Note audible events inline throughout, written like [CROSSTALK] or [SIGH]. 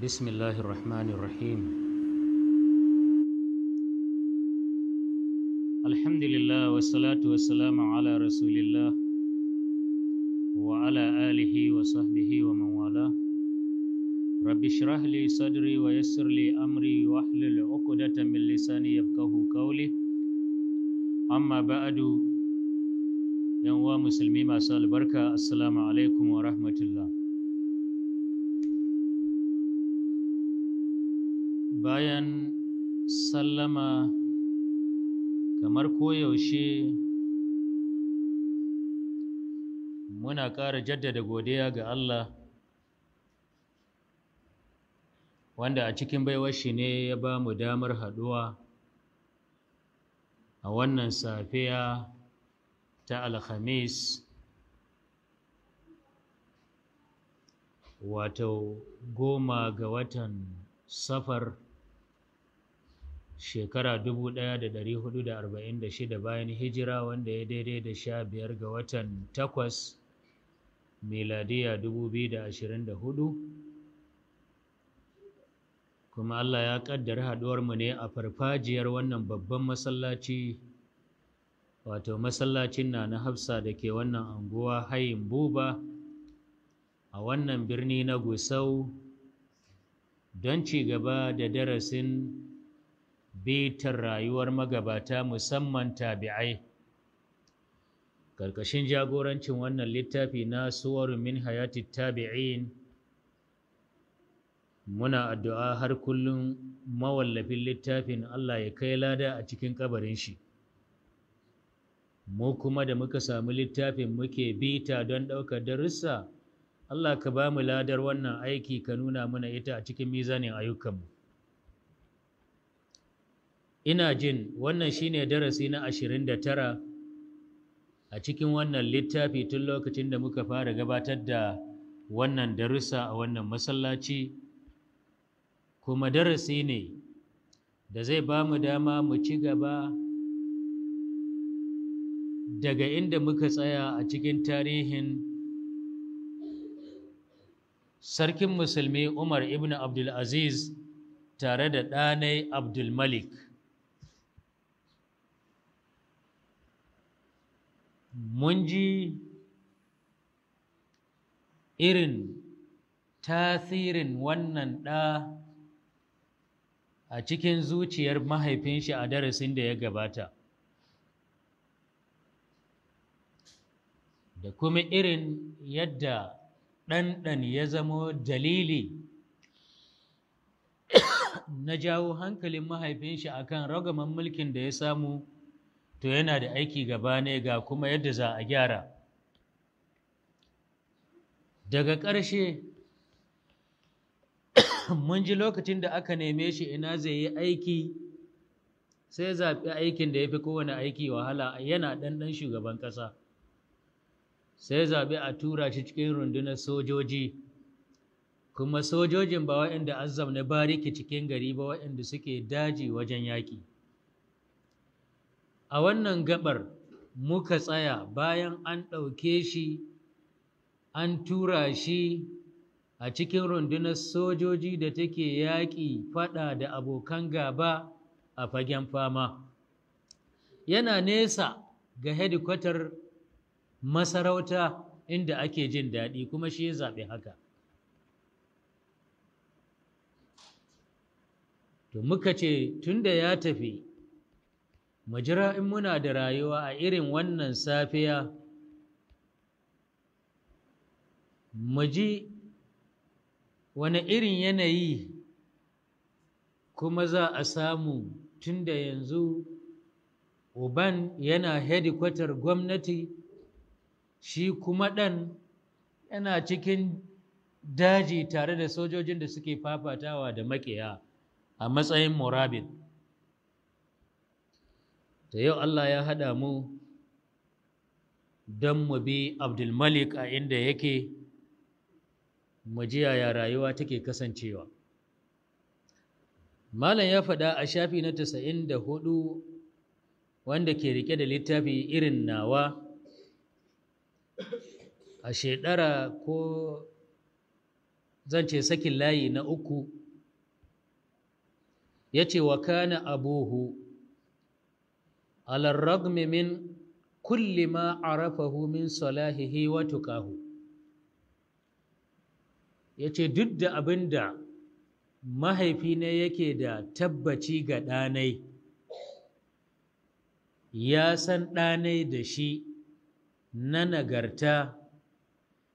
بسم الله الرحمن الرحيم الحمد لله والصلاة والسلام على رسول الله وعلى آله وصحبه ومن والاه رب اشرح لي صدري ويسر لي أمري واحلل عقدة من لساني يفقه قولي أما بعد يا مسلمين ما البركة السلام عليكم ورحمة الله bayan sallama kamar koyaushe muna ƙara jaddada godiya ga Allah wanda a cikin baiwar shi ne ya ba mu damar haɗuwa a wannan safiya ta alhamis wato goma ga watan safar shekara 1446 bayan hijira wanda ya daidai da sha biyar ga watan takwas miladiya hudu. kuma Allah ya kaddara mu ne a farfajiyar wannan babban masallaci wato masallacin na na hafsa da ke wannan anguwa hayin buba a wannan birni na gusau don ci gaba da darasin bitar rayuwar magabata musamman tabi'ai ƙarƙashin jagorancin wannan littafi na suwarun min hayati tabi'in muna addu'a har kullum mawallafin littafin Allah ya kai lada a cikin kabarin shi mu kuma da muka samu littafin muke bita don ɗaukar darussa Allah ka ba mu ladar wannan aiki ka nuna muna ita a cikin mizanin ayyukanmu ina jin wannan shi ne darasi na ashirin da tara a cikin wannan littafi tun lokacin da muka fara gabatar da wannan darussa a wannan masallaci kuma darasi ne da zai ba mu dama mu ci gaba daga inda muka tsaya a cikin tarihin sarkin musulmi umar ibn abdulaziz tare da ɗanai abdulmalik mun ji irin tasirin wannan ɗa a cikin zuciyar mahaifinshi a darasin da ya gabata da kuma irin yadda ɗanɗan ya zamo dalili [COUGHS] na jawo hankalin mahaifinshi shi kan ragaman mulkin da ya samu to yana da aiki gaba ne ga kuma yadda za a gyara daga ƙarshe [COUGHS] mun ji lokacin da aka neme shi ina zai yi aiki sai zaɓi aikin da ya fi kowane aiki wahala yana ɗanɗan shugaban ƙasa sai zaɓi a tura shi cikin rundunar sojoji kuma sojojin ba waɗanda azzam na bariki cikin gari ba waɗanda suke daji wajen yaƙi a wannan gabar muka tsaya bayan an ɗauke shi an tura shi a cikin rundunar sojoji da take yaƙi faɗa da abokan gaba a fagen fama yana nesa ga hedikwatar masarauta inda ake jin daɗi kuma shi ya zaɓi haka to muka ce tunda ya tafi mu jira in muna da rayuwa a irin wannan safiya mu ji wani irin yanayi kuma za a samu tun da yanzu uban yana hedikwatar gwamnati shi kuma ɗan yana cikin daji tare da sojojin da suke fafatawa da makiya a matsayin murabit. da yau Allah ya haɗa mu don mu bi abdulmalik a inda yake mu ji ya rayuwa take kasancewa malam ya faɗa a shafi na casa'in da hudu wanda ke rike da littafi irin nawa a shedara ko zance sakin layi na uku ya ce wa kana abuhu على الرغم من كل ما عرفه من صلاحه وتقاه tukahu yace duk da abinda mahaifi yake da tabbaci ga ɗanai ya san ɗanai da shi na nagarta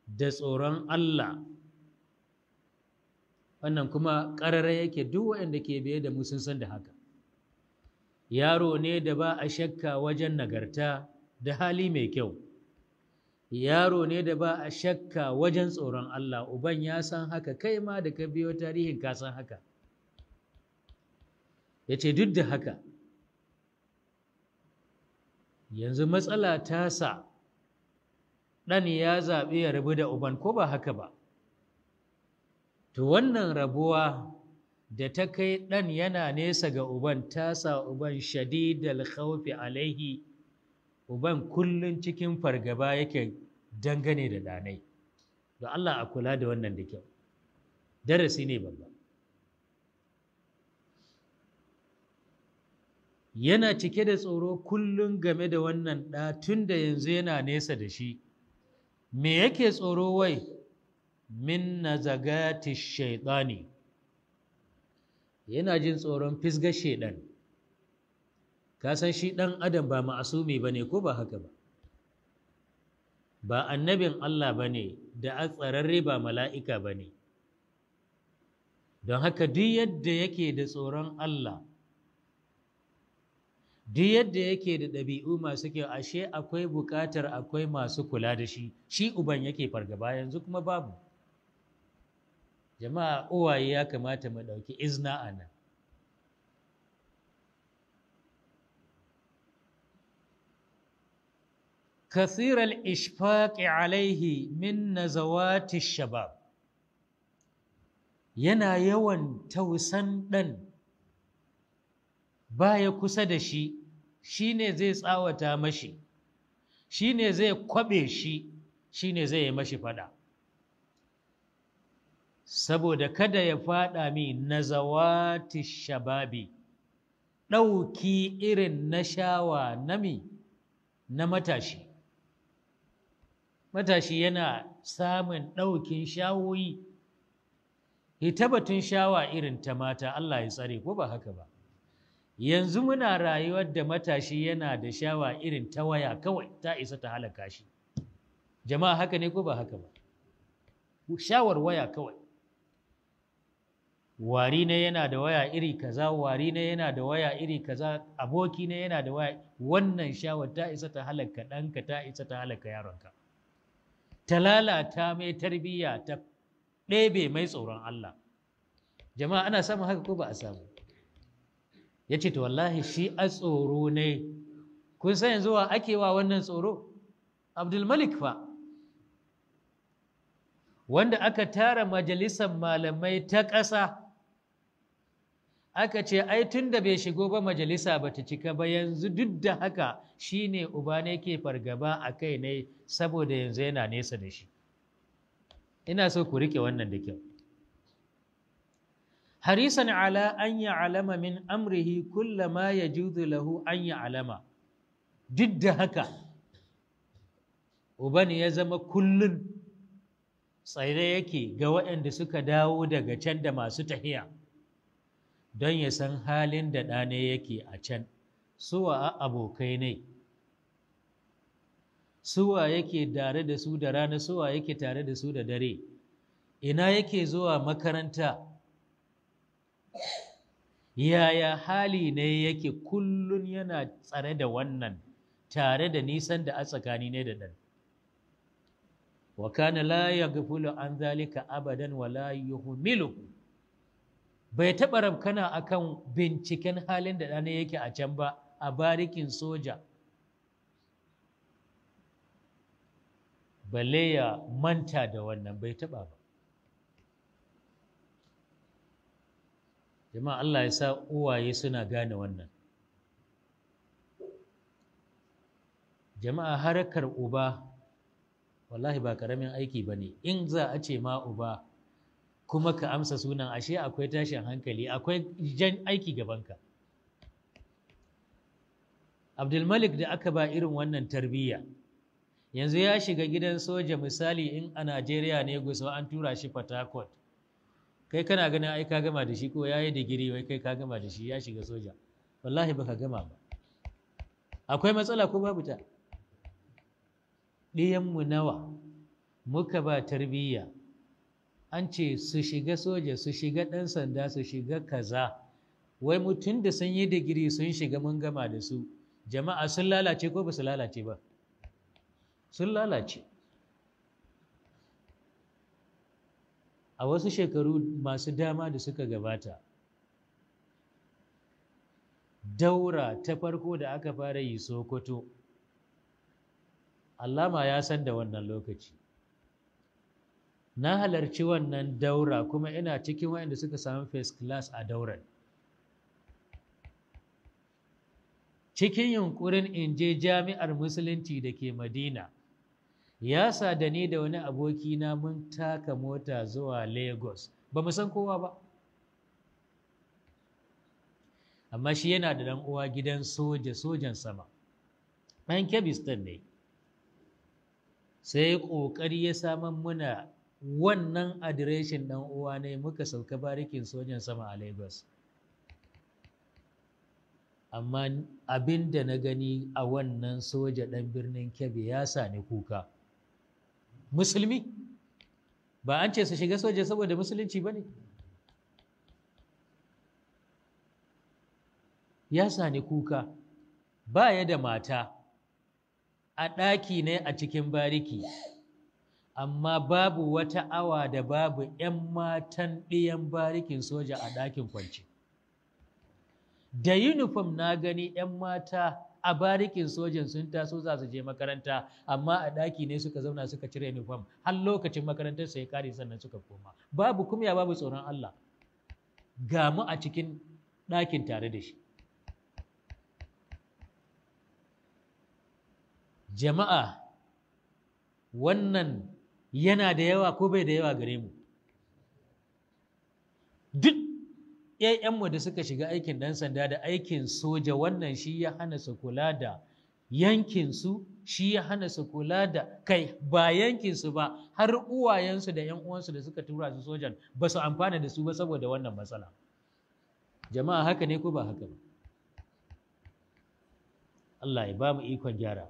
da tsoron Allah wannan kuma ƙarara yake duk waɗanda ke biye da mu sun san da haka yaro ne da ba a shakka wajen nagarta da hali mai kyau yaro ne da ba a shakka wajen tsoron Allah uban ya san haka kai ma da ka biyo tarihin ka san haka ya ce duk da haka yanzu matsala ta sa ɗan ya zaɓi ya rabu da uban ko ba haka ba to wannan rabuwa da ta kai ɗan yana nesa ga uban tasa uban shadidal khawfi alaihi uban kullum cikin fargaba yake dangane da ɗanai da Allah a kula da wannan da kyau darasi ne babba yana cike da tsoro kullun game da wannan ɗa tun da yanzu yana nesa da shi me yake tsoro wai min nazagati shaitani yana jin tsoron fisgar shedan ka san shi ɗan adam ba ma'asumi bane ko ba haka ba ba annabin Allah bane da tsararre ba mala'ika bane don haka duk yadda yake da tsoron Allah duk yadda yake da ɗabi'u masu kyau ashe akwai buƙatar akwai masu kula da shi shi uban yake fargaba yanzu kuma babu jama'a uwaye ya kamata mu ɗauki izna a nan كثير الإشفاق عليه من نزوات shabab. yana yawan tausan ɗan baya kusa da shi shi ne zai tsawata mashi shi ne zai kwaɓe shi shi ne zai yi mashi faɗa saboda kada ya faɗa min na zawati shababi ɗauki irin na shawa na mi na matashi matashi yana samun ɗaukin shawoyi hitabatun shawa irin ta mata Allah ya tsare ko ba haka ba yanzu muna rayuwar da matashi yana da shawa irin ta waya kawai ta isa ta halaka shi jama'a haka ne ko ba haka ba shawar waya kawai wari ne yana da waya iri kaza wari ne yana da waya iri kaza aboki ne yana da waya wannan shawar ta isa ta halaka ɗanka ta isa ta halaka yaronka ta lalata mai tarbiyya ta ɗebe mai tsoron Allah jama'a ana samun haka ko ba a samu ya ce to wallahi shi a tsoro ne kun san yanzu wa ake wa wannan tsoro abdulmalik fa wanda aka tara majalisar malamai ta ƙasa aka ce ai tun da bai shigo ba majalisa ba ta cika ba yanzu duk da haka shi ne uba ne ke fargaba a kai ne saboda yanzu yana nesa da shi ina so ku rike wannan da kyau harisan ala an yi alama min amrihi kulla ma ya juzu lahu an yi alama duk da haka uba ne ya zama kullun tsaye yake ga waɗanda suka dawo daga can da masu tahiya. don ya san halin da ɗane yake a can suwa abokai ne suwa yake tare da su da rana suwa yake tare da su da dare ina yake zuwa makaranta yaya hali ne yake kullum yana tsare da wannan tare da nisan da a tsakani ne da ɗan wa kana la gafula an zalika abadan wa la humilu. bai taɓa rabkana kan binciken halin da ɗana yake a can ba a barikin soja balle ya manta da wannan bai taɓa ba jama'a Allah ya sa uwaye suna gane wannan jama'a harkar uba wallahi ba karamin aiki ba ne in za a ce ma uba kuma ka amsa sunan ashe akwai tashin hankali akwai jan aiki gabanka abdulmalik da aka ba irin wannan tarbiyya yanzu ya shiga gidan soja misali in a najeriya ne gusa an tura shi Fatakwat. kai kana ganin ai ka gama da shi ko ya yi digiri wai kai ka gama da shi ya shiga soja wallahi baka gama ba akwai matsala ko babu ta ɗiyanmu nawa muka ba tarbiyya an ce su shiga soja su shiga ɗan sanda su shiga kaza wai mutum da sun yi digiri sun shiga mun gama da su jama'a sun lalace ko ba su lalace ba sun lalace a wasu shekaru masu dama da suka gabata daura ta farko da aka fara yi sokoto allama ya san da wannan lokaci na halarci wannan daura kuma ina cikin waɗanda suka samu first class a dauran cikin yunkurin in je jami'ar musulunci da ke madina ya da ni da wani abokina mun taka mota zuwa lagos ba mu san kowa ba amma shi yana da dan uwa gidan soja sojan sama ɗan kebistan ne sai ƙoƙari ya saman muna wannan adireshin ɗan uwa ne muka sauka barikin sojan sama a Lagos. Amma abin da na gani a wannan soja ɗan birnin Kebbi ya sani kuka. Musulmi, ba an ce su shiga soja saboda musulunci ba ne? Ya sani kuka, ba ya da mata, a ɗaki ne a cikin bariki. amma babu wata awa da babu 'yan matan ɗiyan barikin soja a ɗakin kwanci da uniform na gani 'yan mata a barikin sojan sun taso za su je makaranta amma a ɗaki ne suka zauna suka cire uniform har lokacin makarantar sai kare sannan suka koma babu kumya babu tsoron Allah ga mu a cikin ɗakin tare da shi jama'a wannan yana da yawa ko bai da yawa gare mu duk ‘ya'yanmu da suka shiga aikin ɗan sanda da aikin soja wannan shi ya hana su kula da yankinsu shi ya hana su kula da kai ba yankinsu ba har uwayensu da ‘yan uwansu da suka tura su sojan ba su amfana da su ba saboda wannan matsala jama'a haka ne ko ba haka ba Allah ya ba mu ikon gyara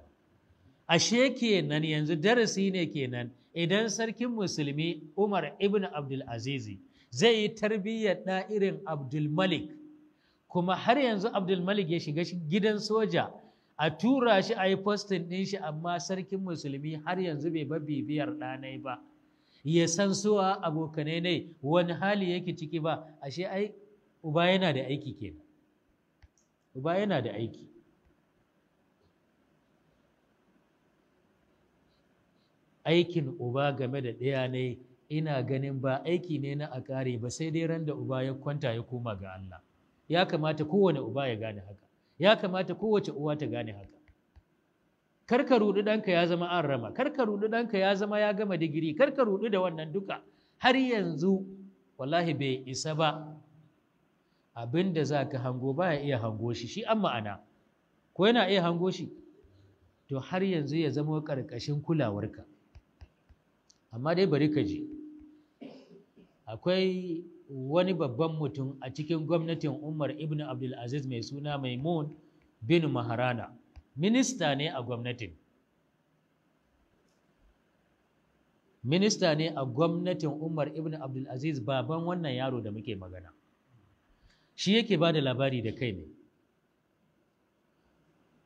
ashe kenan yanzu darasi ne kenan idan sarkin musulmi Umar ibn Abdul Azizi zai yi tarbiyyar ɗa'irin Abdul Malik kuma har yanzu Abdulmalik ya shiga gidan soja a tura shi a yi postin ɗin shi amma sarkin musulmi har yanzu bai ba bibiyar ɗanai ba ya san suwa abokane ne wani hali yake ciki ba ashe ai uba yana da aiki kenan uba yana da aiki aikin uba game da ɗaya ne ina ganin ba aiki ne na a kare ba sai dai ran da uba ya kwanta ya koma ga Allah ya kamata kowane uba ya gane haka ya kamata kowace uwa ta gane haka karka ka ɗanka ya zama an rama kar ka ɗanka ya zama ya gama digiri karka ka da wannan duka har yanzu wallahi bai isa ba abin da za ka hango ba ya iya hango shi shi an ma'ana ko yana iya hango shi to har yanzu ya zama ƙarƙashin kulawarka amma dai bari ka je. akwai wani babban mutum a cikin gwamnatin umar ibn abdulaziz mai suna maimun bin maharana minista ne a gwamnatin minista ne a gwamnatin umar ibn abdulaziz baban wannan yaro da muke magana shi yake ba da labari da kai ne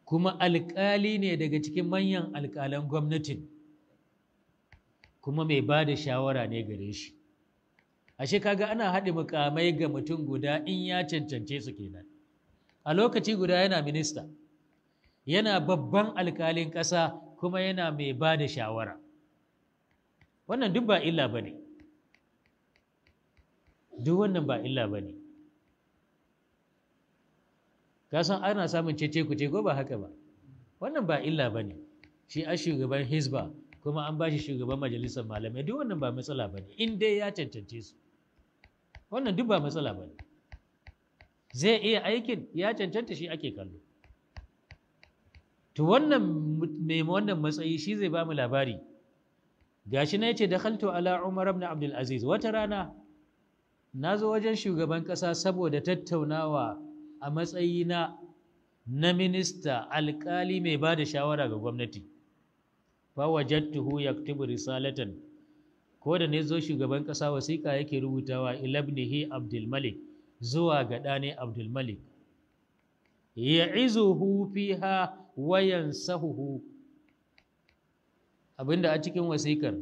kuma alkali ne daga cikin manyan alkalan gwamnatin kuma mai ba da shawara ne gare shi ashe kaga ana haɗe mukamai ga mutum guda in ya cancance su kenan a lokaci guda yana minista yana babban alkalin ƙasa kuma yana mai ba da shawara wannan duk ba illa ba ne duk wannan ba illa ba ne kasan ana samun cece kuce ko ba haka ba wannan ba illa ba ne shi a shugaban hisba kuma an ba shi shugaban majalisar malamai duk wannan ba matsala ba ne in dai ya cancance su wannan duk ba matsala ba ne zai iya aikin ya cancanta shi ake kallo to wannan mai wannan matsayi shi zai ba mu labari gashi na yace dakhaltu ala umar ibn abdul aziz wata rana na zo wajen shugaban kasa saboda tattaunawa a matsayina na minista alkali mai ba da shawara ga gwamnati fa wajadtuhu yaktubu risalatan ko da ne zo shugaban ƙasa wasiƙa yake rubutawa ilabnihi abdul malik zuwa ga ɗane abdul malik ya izuhu fiha wayan sahuhu abinda a cikin wasiƙar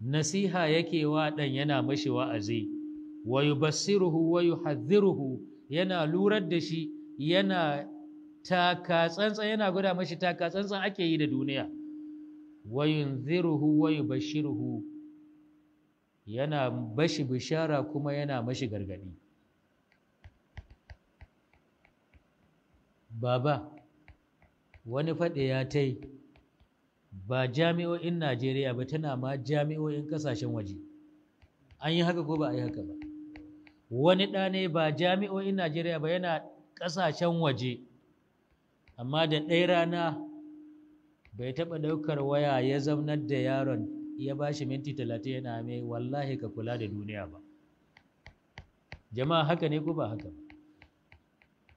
nasiha yake wa ɗan yana mashi wa'azi wa yubassiruhu wa yuhadhiruhu yana lurar da shi yana taka tsantsan yana gwada mashi taka tsantsan ake yi da duniya wa yunziruhu wa yubashshiruhu yana bashi bishara kuma yana mashi gargadi baba wani faɗe ya tai ba jami'o'in Najeriya ba tana ma jami'o'in kasashen waje an yi haka ko ba a yi haka ba wani ɗa ne ba jami'o'in Najeriya ba yana kasashen waje amma da ɗaya rana bai taɓa ɗaukar waya ya zaunar da yaron ya ba shi minti talatin yana mai wallahi ka kula da duniya ba jama'a haka ne ko ba haka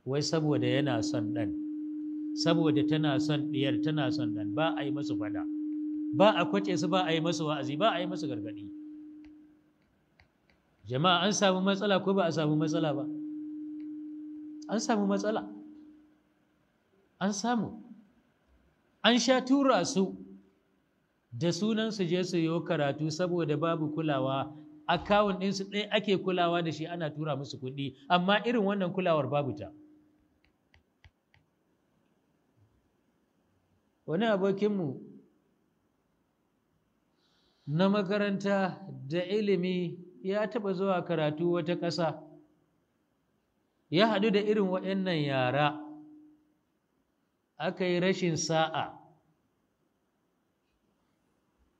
wai saboda yana son ɗan saboda tana son ɗiyar tana son ɗan ba a yi masu fada ba a kwace su ba a yi masu wa'azi ba a yi masu gargaɗi jama'a an samu matsala ko ba a samu matsala ba an samu matsala an samu an sha tura su da sunan su je su yi karatu saboda babu kulawa akawun ɗinsu ɗaya ake kulawa da shi ana tura musu kuɗi amma irin wannan kulawar babu ta wani abokinmu na makaranta da ilimi ya taɓa zuwa karatu wata ƙasa ya haɗu da irin waɗannan yara aka yi rashin sa'a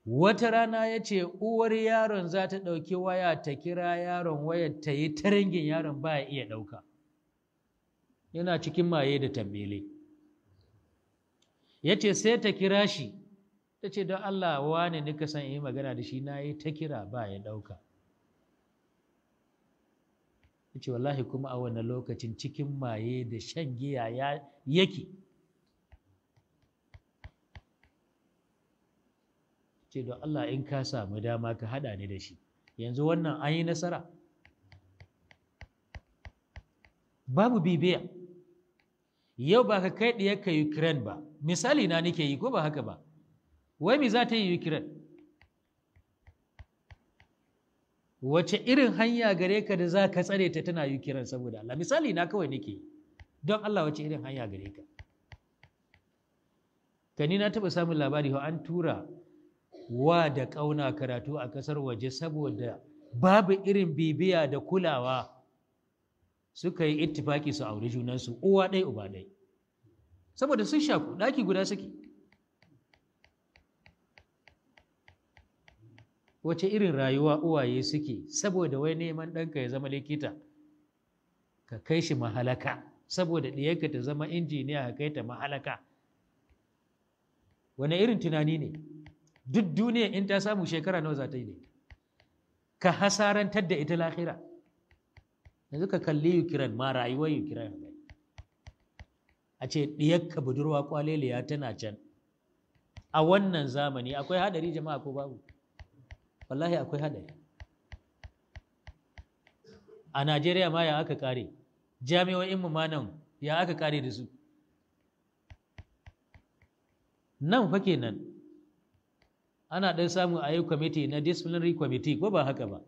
wata rana ya ce uwar yaron za ta ɗauki waya ta kira yaron waya ta yi taringin yaron ba iya ɗauka yana cikin maye da tambele ya ce sai ta kira shi ta ce don Allah wa wane nika san yi magana da shi na yi ta kira ba ya ɗauka ya ce wallahi kuma a wannan lokacin cikin maye da shan giya yake ce don Allah in ka samu dama ka haɗa ni da shi yanzu wannan an yi nasara babu bibiya yau ba ka kai ɗiyarka Ukraine ba misali na nike yi ko ba haka ba wai me za ta yi Ukraine wace irin hanya gare ka da za ka tsare ta tana Ukraine saboda Allah misali na kawai nike yi don Allah wace irin hanya gare ka. Kani na taɓa samun labari ho an tura wa da ƙauna karatu a ƙasar waje saboda babu irin bibiya da kulawa suka yi ittifaki su auri junansu uwa ɗai uba ɗai saboda sun shaku ɗaki guda suke wace irin rayuwa uwaye suke saboda wai neman ɗanka ya zama likita ka kai shi mahalaka saboda ɗiyanka ta zama injiniya ka kai ta mahalaka wane irin tunani ne duk duniya in ta samu shekara nawa za ta yi ne ka hasarantar da ita lahira yanzu ka kalli ukraine ma rayuwar ukraine a ce ka budurwa kwaleliya tana can a wannan zamani akwai hadari jama'a ko babu wallahi akwai hadari a najeriya ma ya aka kare jami'o'inmu ma nan ya aka kare da su nan fa kenan ana ɗan samun a yi kwamiti na disciplinary committee ko ba haka ba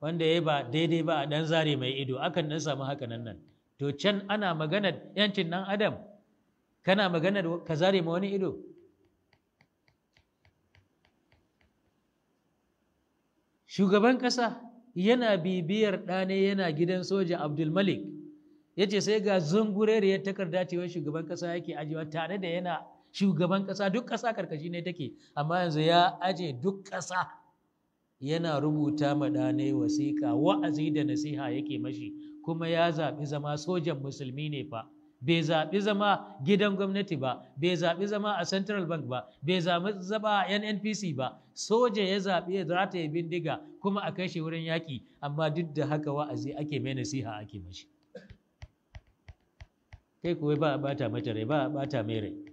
wanda ya ba daidai ba a ɗan zare mai ido akan ɗan samu haka nan nan to can ana maganar yancin nan adam kana maganar ka zare ma wani ido shugaban ƙasa yana bibiyar ɗane yana gidan soja abdulmalik ya ce sai ga ya takarda cewa shugaban ƙasa yake ajiyewa tare da yana shugaban ƙasa duk ƙasa karkashi ne take amma yanzu ya aje duk ƙasa yana rubuta ma ɗane wasiƙa wa'azi da nasiha yake mashi kuma ya zaɓi zama sojan musulmi ne fa bai zaɓi zama gidan gwamnati ba bai zaɓi zama a central bank ba bai zaɓi zama a nnpc ba soja ya zaɓi ya zata ya bindiga kuma a kai shi wurin yaƙi amma duk da haka wa'azi ake mai nasiha ake mashi kai kuwa ba a mata rai ba a ɓata mai rai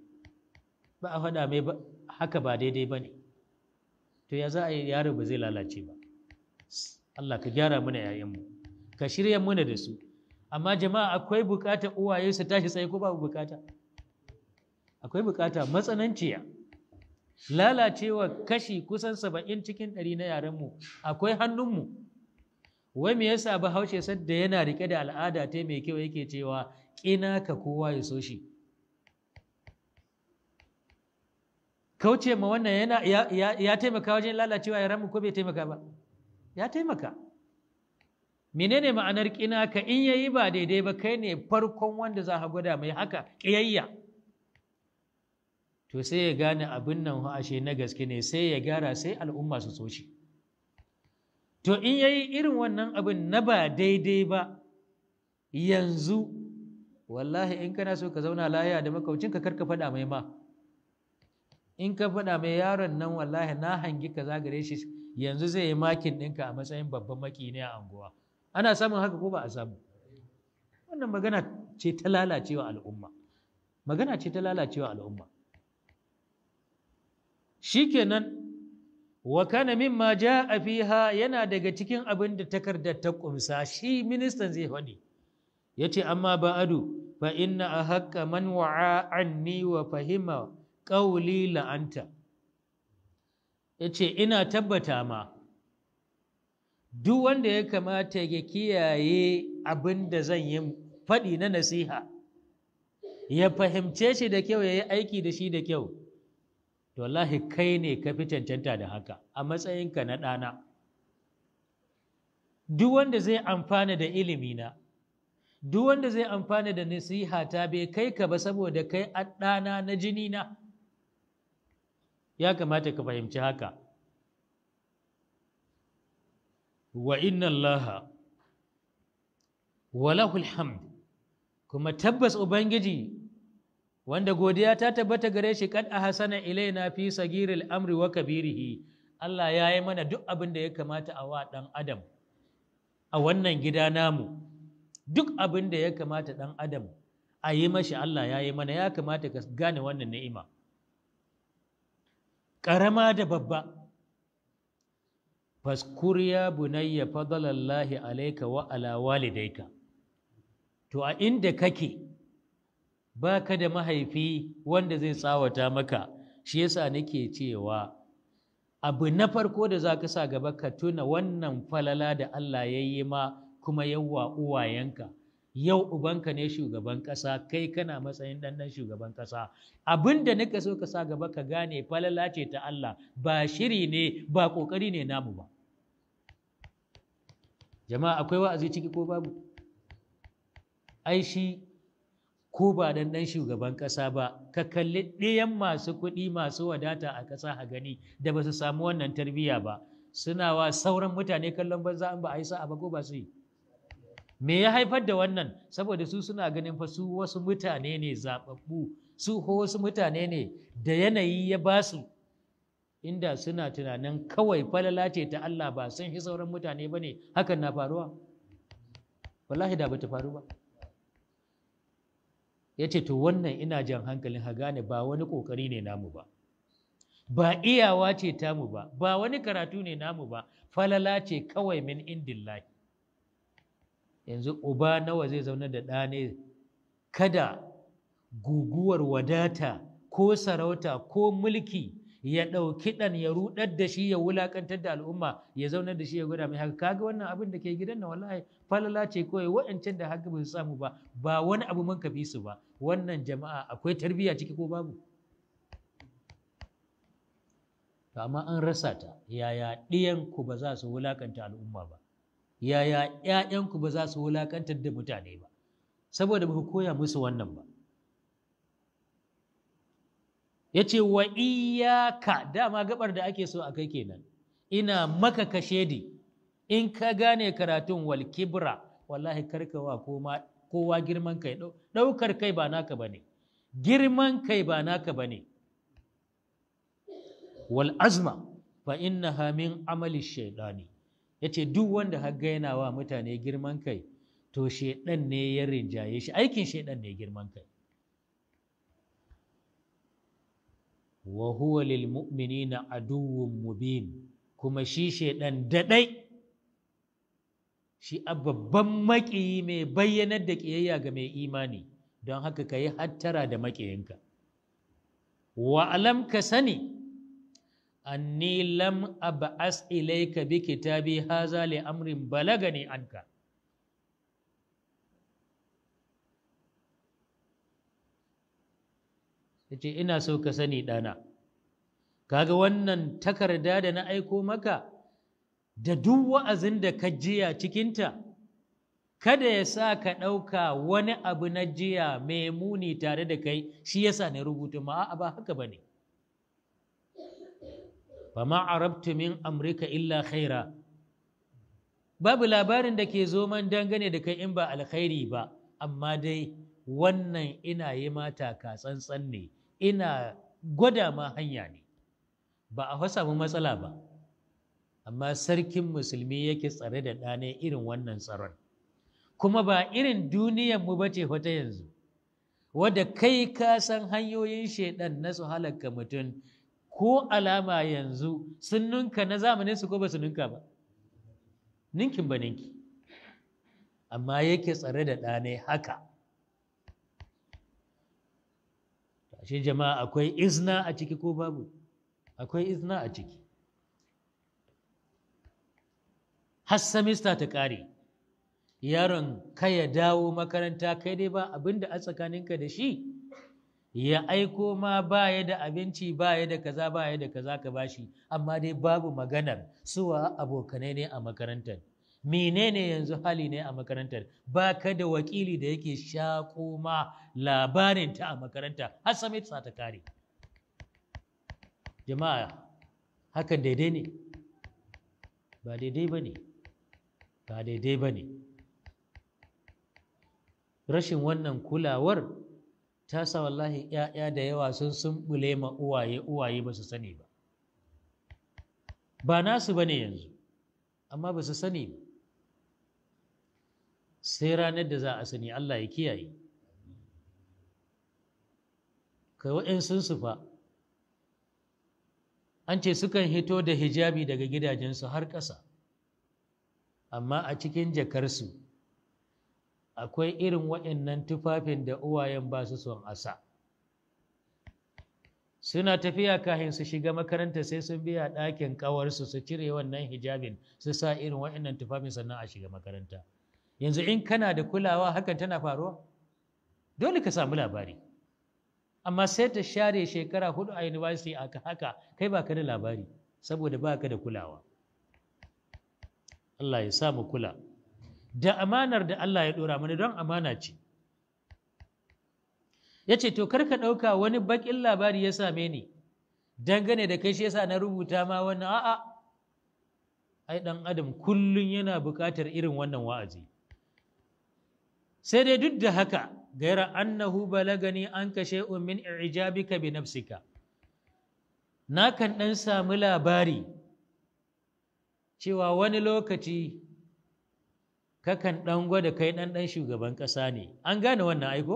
ba a faɗa mai haka ba daidai ba ne to ya za a yi yaro ba zai lalace ba Allah ka gyara mana ‘ya'yanmu ka shirya mana da su amma jama'a akwai bukata uwaye su tashi tsaye ko ba bukata akwai bukata matsananciya lalacewa kashi kusan saba'in cikin ɗari na yarenmu akwai hannunmu wai me yasa bahaushe sadda yana rike da al'ada ta mai kyau yake cewa ƙina ka kowa ya so shi kauce ma wannan yana ya taimaka wajen lalacewa ya ramu ko bai taimaka ba ya taimaka menene ma'anar kina ka in yayi ba daidai ba kai ne farkon wanda za ka gwada mai haka kiyayya to sai ya gane abin nan ashe na gaske ne sai ya gara sai al'umma su so to in yayi irin wannan abin na ba daidai ba yanzu wallahi in kana so ka zauna laya da makaucinka karka faɗa mai ma in ka faɗa mai yaron nan wallahi na hangi kaza gare shi yanzu zai yi makin ɗinka a matsayin babban maki a anguwa ana samun haka ko ba a samu wannan magana ce ta lalacewa al'umma magana ce ta lalacewa al'umma shikenan wa kana jaa fiha yana daga cikin abin da takardar ta kumsa shi ministan zai faɗi yace amma ba'adu fa inna ahaqqa man wa'a anni wa fahima ƙauli la'anta ya ce ina tabbata ma duk wanda ya kamata ya kiyaye abin da zan yi faɗi na nasiha ya fahimce shi da kyau ya yi aiki da shi da kyau to wallahi kai ne ka fi cancanta da haka a matsayinka na ɗana duk wanda zai amfana da ilimina duk wanda zai amfana da nasiha ta bai kai ka ba saboda kai ɗana na jini na ya kamata ka fahimci haka wa inna allaha wa lahul hamd kuma tabbas ubangiji wanda godiya ta tabbata gare shi kad ahsana ilaina fi sagiril amri wa kabirihi Allah ya yi mana duk abin da ya kamata a wa dan adam a wannan gida namu duk abin da ya kamata dan adam a yi mashi Allah ya yi mana ya kamata ka gane wannan ni'ima ƙarama da babba faskuriya naya, bunayya fadalallahi alaika wa ala walidaika to a inda kake baka da mahaifi wanda zai tsawata maka shi yasa nake cewa abu na farko da za ka sa gaba ka tuna wannan falala da Allah ya yi ma kuma yawa uwayenka yau ubanka ne shugaban ƙasa kai kana matsayin ɗanɗan shugaban ƙasa abin da nika so ka sa gaba ka gane falala ce ta Allah ba shiri ne ba ƙoƙari ne namu ba jama'a akwai wa'azi ciki ko babu ai shi ko ba dan dan shugaban ƙasa ba ka kalli ɗayan masu kuɗi masu wadata a ƙasa a gani da ba su samu wannan tarbiyya ba suna wa sauran mutane kallon banza in ba a yi sa'a ba ko ba su yi me ya haifar da wannan saboda su suna ganin fa su wasu mutane ne zaɓaɓɓu su wasu mutane ne da yanayi ya ba su inda suna tunanin kawai falala ce ta Allah ba sun shi sauran mutane ba ne hakan na faruwa wallahi da bata faru ba ya ce to wannan ina jan hankalin ha gane ba wani ƙoƙari ne namu ba ba iyawa ce tamu ba ba wani karatu ne namu ba falala ce kawai min indillahi yanzu uba nawa zai zauna da ɗa ne kada guguwar wadata ko sarauta ko mulki ya ɗauki ɗan ya ruɗar da shi ya wulaƙantar da al'umma ya zauna da shi ya gwada mai haka kaga wannan abin da ke gidan na wallahi falala ce kawai wa'ancan da haka bai samu ba ba wani abu man kafi su ba wannan jama'a akwai tarbiyya ciki ko babu amma an rasa ta yaya ɗiyan ku ba za su wulaƙanta al'umma ba yaya ‘ya'yanku ba za su wulaƙantar da mutane ba saboda ba ku koya musu wannan ba ya ce wa iyaka dama gabar da ake so a kai kenan ina maka kashedi in ka gane karatun wal kibra wallahi karkawa kowa girman kai ɗaukar kai ba naka ba ne girman kai ba naka ba ne wal azma fa innaha min amali shaidani ya ce duk wanda har yana wa mutane girman kai to shaidan ne ya rinjaye shi aikin shaidan ne girman kai wa huwa lil mu'minina aduwwun mubin kuma shi shaidan daɗai shi a babban maƙiyi mai bayyanar da ƙiyayya ga mai imani don haka ka yi hattara da maƙiyinka wa'alam ka sani anni lam ab'as ilayka bi kitabi haza li amrin balagani anka yace ina so ka sani dana kaga wannan takarda da na aiko maka da duk wa'azin da ka jiya cikinta kada ya sa ka ɗauka wani abu na jiya mai muni tare da kai shi yasa na rubutu. ma ba haka ba ne fa ma min amrika illa khaira babu labarin da ke zo man dangane da kai in ba alkhairi ba amma dai wannan ina yi mata ka tsantsan ne ina gwada ma hanya ne ba a samu matsala ba amma sarkin musulmi yake tsare da ɗane irin wannan tsaron kuma ba irin mu ba ce wata yanzu wadda kai ka san hanyoyin shaidan na su halakka mutum ko alama yanzu sun ninka na zamanin su ko ba su ninka ba ninkin ba ninki amma yake tsare da ɗane haka ashe jama'a akwai izna a ciki ko babu akwai izna a ciki har mista ta ƙare yaron ka ya dawo makaranta kai dai ba abinda a tsakaninka da shi ya aiko ma baya da abinci baya da kaza baya da kaza ka bashi amma dai babu maganar suwa abokanai ne a makarantar menene yanzu hali ne a makarantar ba ka da wakili da yake sha ma labarin ta a makaranta har same ta kare jama'a hakan daidai ne ba daidai ba ne ba daidai ba ne rashin wannan kulawar ta sa wallahi ‘ya'ya da yawa sun sumbule ma uwaye uwaye ba su sani ba ba nasu ba ne yanzu amma ba su sani ba sai ranar da za a sani Allah ya kiyaye kai waɗansu su fa an ce sukan hito da hijabi daga gidajensu har ƙasa amma a cikin jakarsu akwai irin waɗannan tufafin da uwayen ba su son asa suna tafiya kahin su shiga makaranta sai sun biya ɗakin ƙawarsu su cire wannan hijabin su sa irin waɗannan tufafin sannan a shiga makaranta yanzu in kana da kulawa hakan tana faruwa dole ka samu labari amma sai ta share shekara hudu a university a haka kai ba ka da labari saboda ba ka da kulawa Allah ya samu kula da amanar da Allah ya ɗora mana don amana ce ya ce to karka ɗauka wani baƙin labari ya same ni dangane da kai shi yasa na rubuta ma wannan a'a ai ɗan adam kullum yana buƙatar irin wannan wa'azi sai dai duk da haka gaira annahu balagani an kashe min i'jabika bi nafsika na kan ɗan samu labari cewa wani lokaci kakan ɗan gwada kai ɗan ɗan shugaban ƙasa ne an gane wannan aiko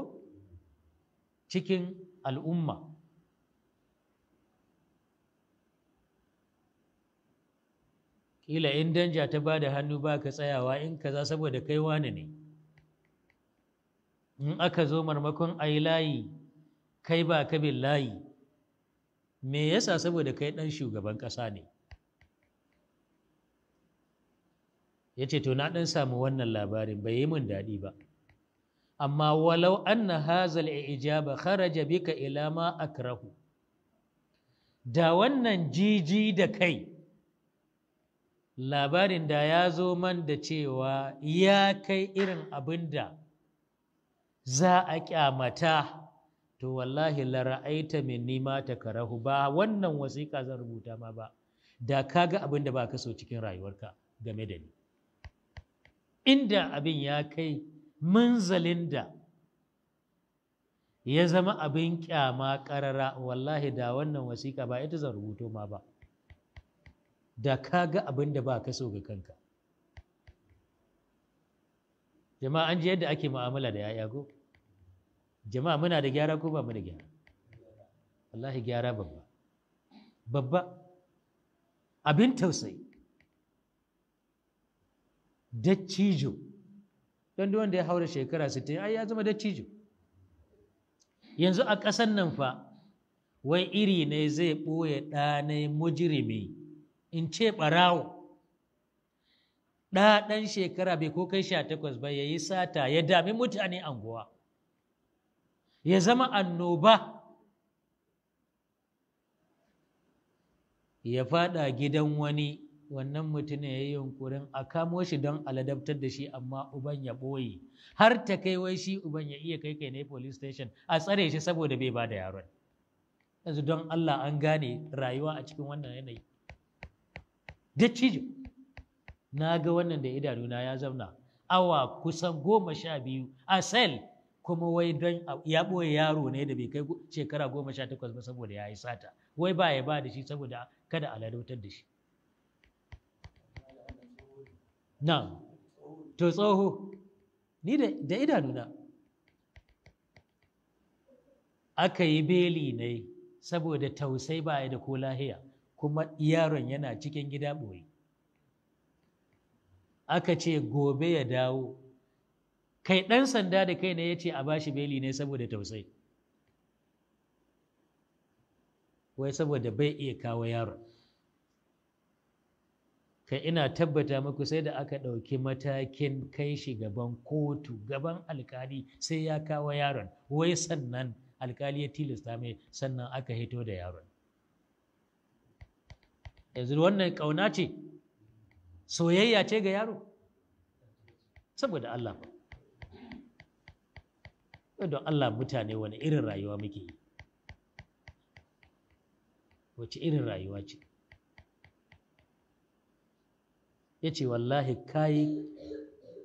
cikin al'umma ƙila in danja ta ba da hannu ba ka tsayawa in kaza saboda kai wani ne in aka zo marmakon a layi kai ba ka bin layi me yasa saboda kai ɗan shugaban ƙasa ne ya ce to na ɗan samu wannan labarin bai yi min daɗi ba amma walau anna hazal ijaba kharaja bika ila ma karahu. da wannan jiji da kai labarin da ya zo man da cewa ya kai irin abin da za a kyamata to wallahi lara'aita min nima ta karahu ba wannan wasiƙa zan rubuta ma ba da kaga abin da ba ka so cikin rayuwarka game da ni inda abin ya kai munzalin da ya zama abin kyama ƙarara wallahi da wannan wasiƙa ba ita zan rubuto ma ba da ka ga abin da ba ka so ga kanka jama'a an ji yadda ake mu'amala da ya'ya ko jama'a muna da gyara ko ba mu da gyara wallahi gyara babba babba abin tausayi dattijo don duk wanda ya haura shekara 60 ai ya zama dattijo yanzu a ƙasar nan fa wai iri ne zai ɓoye ɗanai mujirimi in ce ɓarawo ɗa ɗan shekara bai ko kai sha takwas ba ya yi sata ya dami mutane anguwa ya zama annoba ya faɗa gidan wani wannan mutumin ya yi yunkurin a kamo shi don aladabtar da shi amma uban ya ɓoye har ta kai wai shi uban ya iya kai kai na police station a tsare shi saboda bai ba da yaron yanzu don Allah an gane rayuwa a cikin wannan yanayi dattijo na ga wannan da idanuna ya zauna awa kusan goma sha biyu a sel kuma wai don ya ɓoye yaro ne da bai kai shekara goma sha takwas ba saboda ya yi sata wai ba ya ba da shi saboda kada aladautar da shi na to tsoho ni da idanuna aka yi beli ne saboda tausai baya da ko lahiya kuma yaron yana cikin gida ɓoye aka ce gobe ya dawo kai ɗan sanda da kai ne ya ce a bashi beli ne saboda tausai wai saboda bai iya kawo yaron kai ina tabbata maku sai da aka ɗauki matakin kai shi gaban kotu gaban alkali sai ya kawo yaron wai sannan alkali ya tilasta mai sannan aka hito da yaron yanzu wannan ƙauna ce soyayya ce ga yaro saboda Allah ba don Allah mutane wani irin rayuwa muke yi wace irin rayuwa ce ya ce wallahi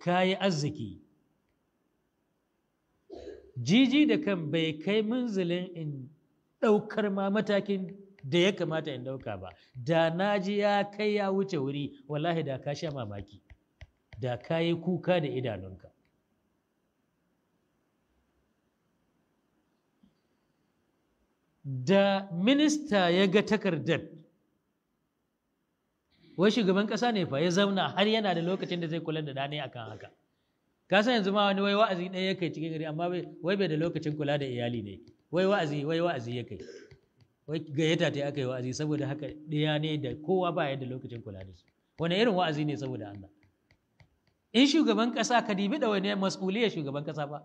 kayi arziki jiji da kan bai kai munzulin in ɗaukar ma matakin da ya kamata in ɗauka ba da na ji ya kai ya wuce wuri wallahi da ka sha mamaki da ka yi kuka da idanunka da minista ya ga takardar wai shugaban ƙasa ne fa ya zauna har yana da lokacin da zai kula da dane akan haka ka san yanzu ma wani wai wa'azi ɗaya ya kai cikin gari amma wai bai da lokacin kula da iyali ne wai wa'azi wai wa'azi ya kai wai gayyata ta aka yi wa'azi saboda haka ɗaya ne da kowa ba ya da lokacin kula da su wani irin wa'azi ne saboda Allah in shugaban ƙasa ka dibi da wani mas'uliyar shugaban ƙasa ba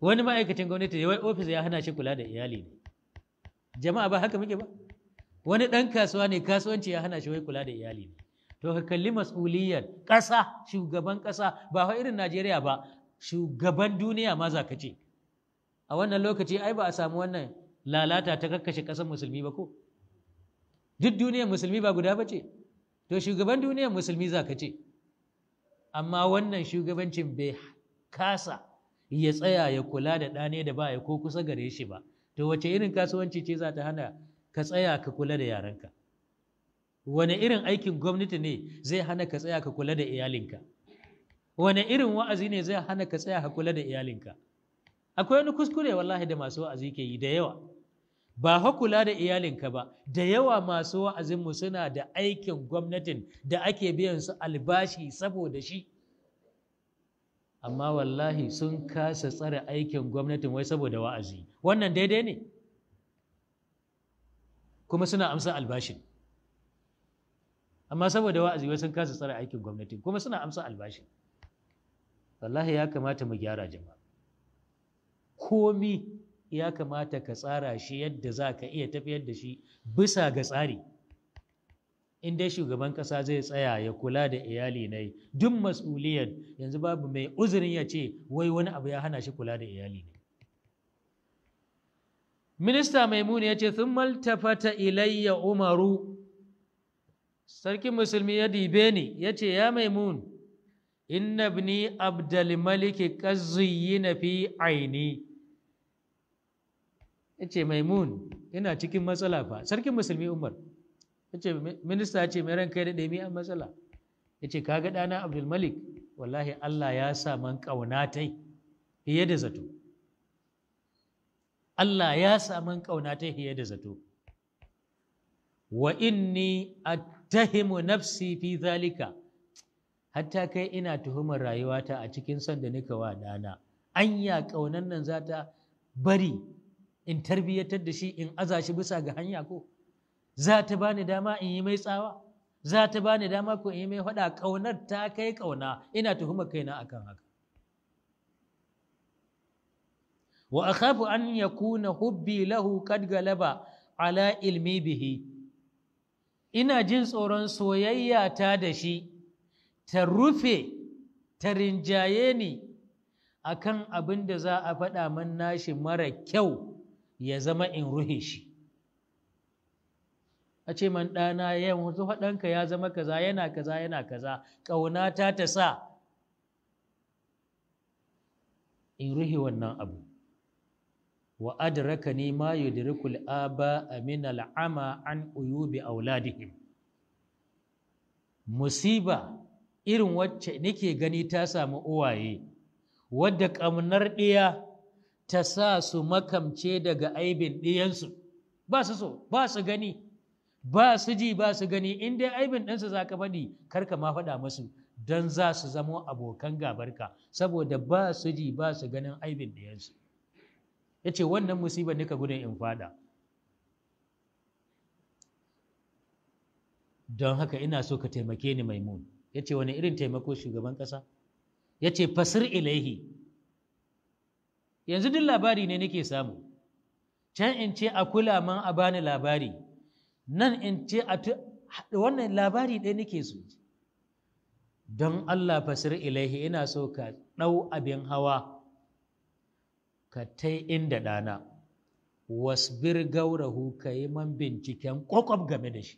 wani ma'aikacin gwamnati wai ofis ya hana shi kula da iyali ne jama'a ba haka muke ba wani ɗan kasuwa ne kasuwanci ya hana shi wai kula da iyali ne to ka kalli mas'uliyar ƙasa shugaban ƙasa ba fa irin Najeriya ba shugaban duniya ma za ka ce a wannan lokaci ai ba a samu wannan lalata ta kakkashe ƙasar musulmi ba ko duk duniyar musulmi ba guda ba ce to shugaban duniyar musulmi za ka ce amma wannan shugabancin bai kasa ya tsaya ya kula da ɗane da ba ya ko kusa gare shi ba to wace irin kasuwanci ce za ta hana ka tsaya ka kula da yaranka wane irin aikin gwamnati ne zai hana ka tsaya ka kula da iyalinka wane irin wa'azi ne zai hana ka tsaya ka kula da iyalinka akwai wani kuskure wallahi da masu wa'azi ke yi da yawa ba ha kula da iyalinka ba da yawa masu wa'azinmu suna da aikin gwamnatin da ake biyan su albashi saboda shi amma wallahi sun kasa tsare aikin gwamnatin wai saboda wa'azi wannan daidai ne kuma suna amsa albashin amma saboda wa'azi wai sun kasa tsara aikin gwamnati kuma suna amsa albashin wallahi ya kamata mu gyara jama'a komi ya kamata ka tsara shi yadda za ka iya tafiyar da shi bisa ga tsari in dai shugaban ƙasa zai tsaya ya kula da iyali na duk mas'uliyar yanzu babu mai uzurin ya ce wai wani abu ya hana shi kula da iyali ne minista maimuni ya ce sun maltafata ilayya umaru sarkin musulmi ya dibe ni ya ce ya maimun inna bni abdulmaliki na fi aini ya ce maimun ina cikin matsala fa sarkin musulmi umar ya ce minista ya ce mai ran kai da mi an matsala ya ce kaga ɗana abdulmalik wallahi allah ya sa man ƙaunatai fiye da zato Allah ya samun ƙauna ta hiye da zato wa inni attahimu nafsi fi zalika hatta kai ina tuhumar rayuwata a cikin son da nika wa ɗana anya ƙaunan nan za ta bari in tarbiyyatar da shi in aza shi bisa ga hanya ko za ta bani dama in yi mai tsawa za ta bani dama ko in yi mai haɗa ƙaunar ta kai ƙauna ina tuhumar kaina akan haka wa akhafu an yakuna hubbi lahu qad galaba ala ilmi bihi ina jin tsoron soyayya ta da shi ta rufe ta rinjaye ni akan abin da za a faɗa man nashi mara kyau ya zama in ruhe shi a ce man ɗana yanzu faɗanka ya zama kaza yana kaza yana kaza ƙauna ta ta sa in ruhe wannan abu wa ni ma yudrikul aba min al'ama an uyubi auladihim musiba irin wacce nake gani ta samu uwaye wadda ƙaunar ɗiya ta sa su makamce daga aibin ɗiyansu ba su so ba su gani ba su ji ba su gani in dai aibin ɗinsu za ka faɗi karka ma faɗa musu don za su zamo abokan gabarka saboda ba su ji ba su ganin aibin ɗiyansu ya ce wannan musibar ka gudun in fada don haka ina so ka taimake ni maimun ya ce wani irin taimako shugaban ƙasa ya ce fasir ilaihi yanzu duk labari ne nake samu can in ce a kula man a bani labari nan in ce a wannan labari ɗaya nake so don Allah fasir ilaihi ina so ka ɗau abin hawa ka tai inda ɗana wasbir gaurahu ka yi man binciken ƙwaƙwaf game da shi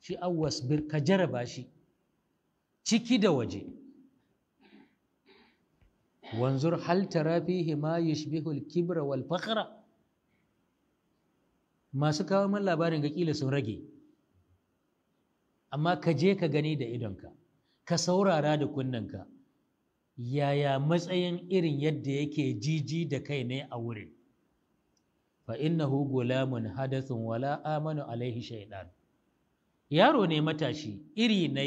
shi an wasbir ka jaraba shi ciki da waje wanzur hal tara fihi ma yushbihul kibra wal fakhra masu kawo man labarin ga kila sun rage amma ka je ka gani da idonka ka saurara da kunnenka yaya matsayin irin yadda yake jiji da kai ne a wurin fa innahu gulamun hadathun wala amanu alaihi shaidan yaro ne matashi iri ne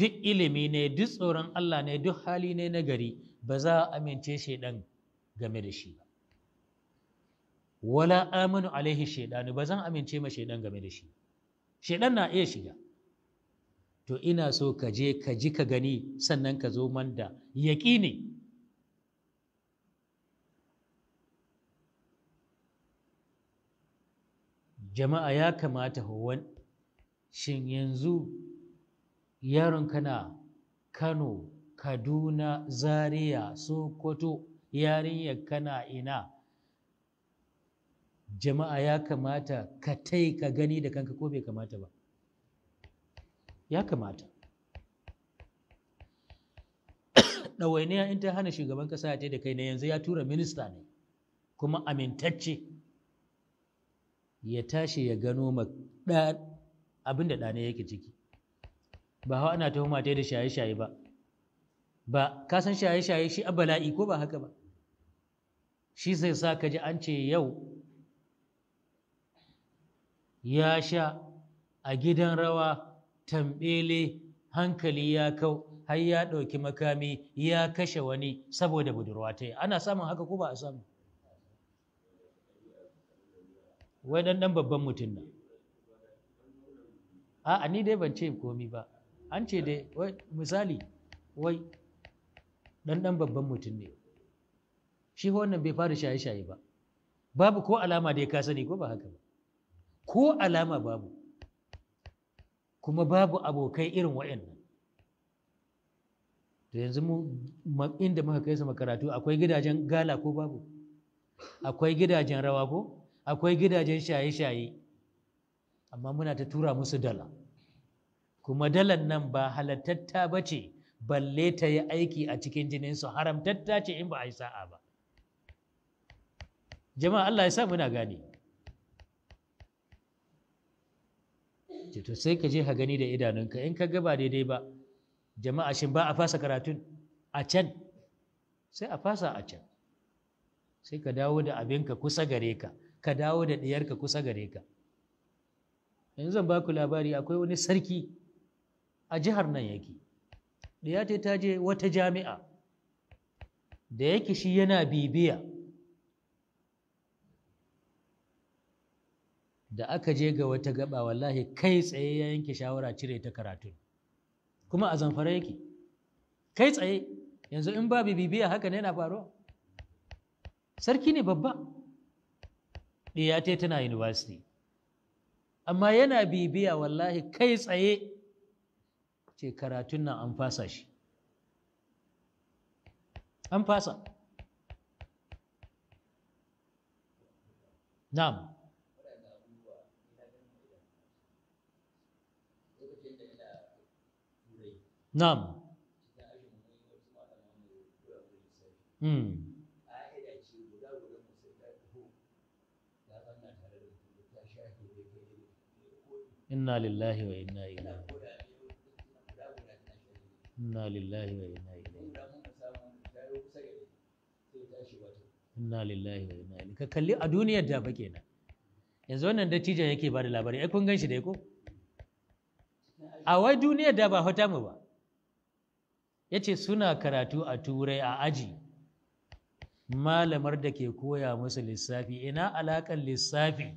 duk ilimi ne duk tsoron Allah ne duk hali ne na gari ba za a amince shaidan game da shi ba wala amanu alaihi shaidan ba zan amince ma shaidan game da shi shaidan na iya shiga to ina so ka je ka ji ka gani sannan ka zo man da yaƙi ne. jama'a ya kamata hawan shin yanzu yaron kana kano kaduna zaria sokoto yarinyar kana ina jama'a ya kamata ka tai ka gani da kanka ko bai kamata ba ya kamata ɗawainiya in ta hana shugaban ƙasa ya da kai ne yanzu ya tura minista ne kuma amintacce ya tashi ya gano abin da ɗane yake ciki ba hau ana ta humata da shaye-shaye ba ba ka shaye-shaye shi a bala'i ko ba haka ba shi sai sa ka ji an ce yau ya sha a gidan rawa tambele hankali ya kau har ya ɗauki makami ya kashe wani saboda budurwa ta yi ana samun haka ko ba a samu wai dan dan babban mutum na a ni dai ban ce komi ba an ce dai wai misali wai dan dan babban mutum ne shi wannan bai fara shaye-shaye ba babu ko alama da ya ka sani ko ba haka ba ko alama babu kuma babu abokai irin wa'annan to yanzu mu inda muka kai su makaratu akwai gidajen gala ko babu akwai gidajen rawa ko akwai gidajen shaye-shaye amma muna ta tura musu dala kuma dalan nan ba halattatta ba ce balle ta yi aiki a cikin jininsu haramtatta ce in ba a yi sa'a ba jama'a Allah ya sa muna gane to sai ka je ka gani da idanunka in ka ga ba daidai ba jama'a shin ba a fasa karatun a can sai a fasa a can sai ka dawo da abinka kusa gare ka ka dawo da ɗiyarka kusa gare ka yanzu zan ba ku labari akwai wani sarki a jihar nan yake ɗiya ta je wata jami'a da yake shi yana bibiya da aka je ga wata gaba wallahi kai tsaye ya yanke shawara cire ta karatun kuma a zamfara yake kai tsaye yanzu in babu bibiya haka ne na faruwa sarki ne babba ya ta tana university amma yana bibiya wallahi kai tsaye ce karatun nan an fasa shi an fasa na'am نعم hmm. inna lillahi wa inna ilaihi inna lillahi wa inna ilaihi inna lillahi wa inna ilaihi ka kalli a duniyar da fa kenan yanzu wannan dattijan yake ba da labari ai kun ganshi dai ko a wai duniyar da ba hota mu ba ya ce suna karatu a turai a aji malamar da ke koya musu lissafi ina alaƙar lissafi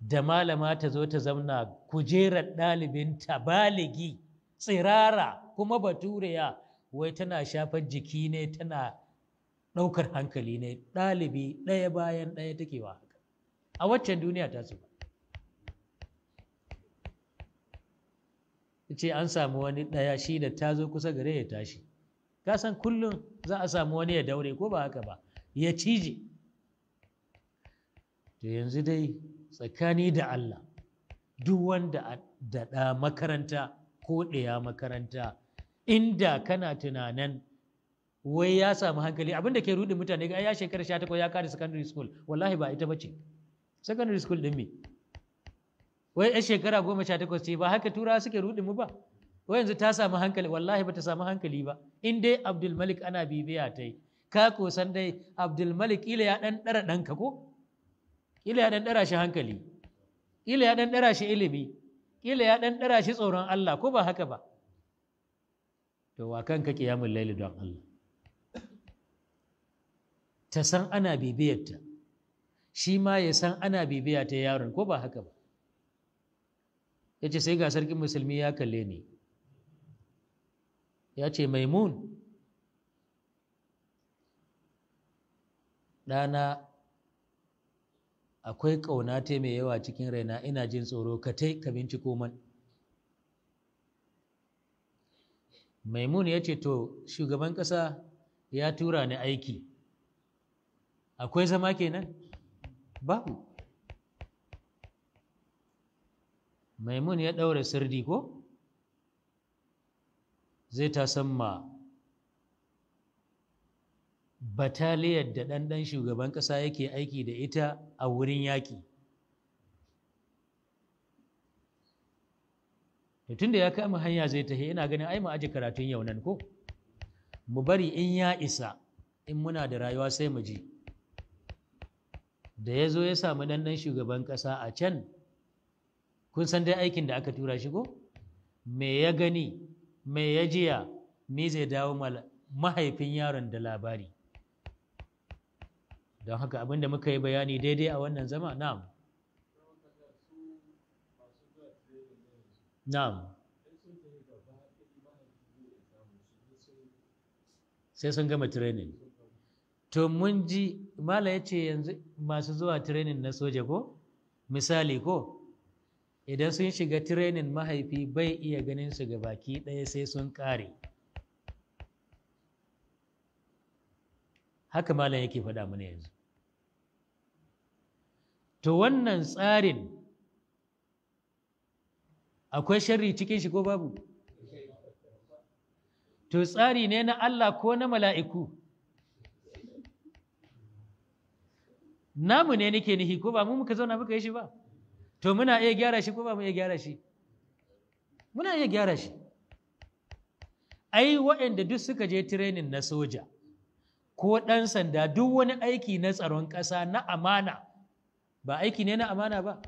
da malama ta zo ta zamna kujerar ɗalibinta baligi tsirara kuma baturiya wai tana shafar jiki ne tana ɗaukar hankali ne ɗalibi ɗaya bayan ɗaya take wa haka a waccan duniya ta suka. ce an samu wani ɗaya shi da ta zo kusa gare ya tashi ka san kullum za a samu wani ya daure ko ba haka ba ya cije to yanzu dai tsakani da Allah duk wanda da ɗa makaranta ko ɗaya makaranta inda kana tunanan wai ya samu hankali abin da ke rudi mutane ga ya shekara sha takwas ya kare secondary school wallahi ba ita bace secondary school ɗin me wai yan shekara goma sha takwas ce ba haka turawa suke ruɗe mu ba wai yanzu ta samu hankali wallahi ba ta samu hankali ba in dai abdul malik ana bibiya ta yi ka kosan dai abdul malik ila ya dara dan ɗanka ko ila ya dan dara shi hankali ila ya dan dara shi ilimi ila ya dan dara shi tsoron allah ko ba haka ba to wa kanka kiyamun laili don allah ta san ana bibiyarta shi ma ya san ana bibiya ta yaron ko ba haka ba ya ce sai ga sarkin musulmi ya kalle ni ya ce maimun ɗana akwai ƙauna ta mai yawa cikin raina ina jin tsoro ka tai ka binciko man maimun ya ce to shugaban ƙasa ya tura ni aiki akwai zama kenan babu maimun ya ɗaure sirdi ko zai ta samma bataliyar da ɗanɗan shugaban ƙasa yake aiki da ita a wurin yaƙi tun da ya kama hanya zai tahi ina ganin ai mu aji karatun yau nan ko mu bari in ya isa in muna da rayuwa sai mu ji da ya zo ya samu ɗanɗan shugaban ƙasa a can kun san dai aikin da aka tura shi ko me ya gani me ya jiya me zai dawo mahaifin yaron da labari don haka abinda muka yi bayani daidai a wannan zama na'am na'am sai sun gama training to mun ji mala ya ce yanzu masu zuwa training na soja ko misali ko idan sun shiga tirenin mahaifi bai iya ganin su ga baki ɗaya sai sun ƙare haka malam yake faɗa mana yanzu to wannan tsarin akwai sharri cikin shi ko babu to tsari ne na Allah ko na mala'iku namu ne nake nihi ko ba mu muka zauna muka yi shi ba to muna iya gyara shi ko ba mu iya gyara shi muna iya gyara shi ai waɗanda duk suka je tirenin na soja ko ɗan sanda duk wani aiki na tsaron ƙasa na amana ba aiki ne na amana ba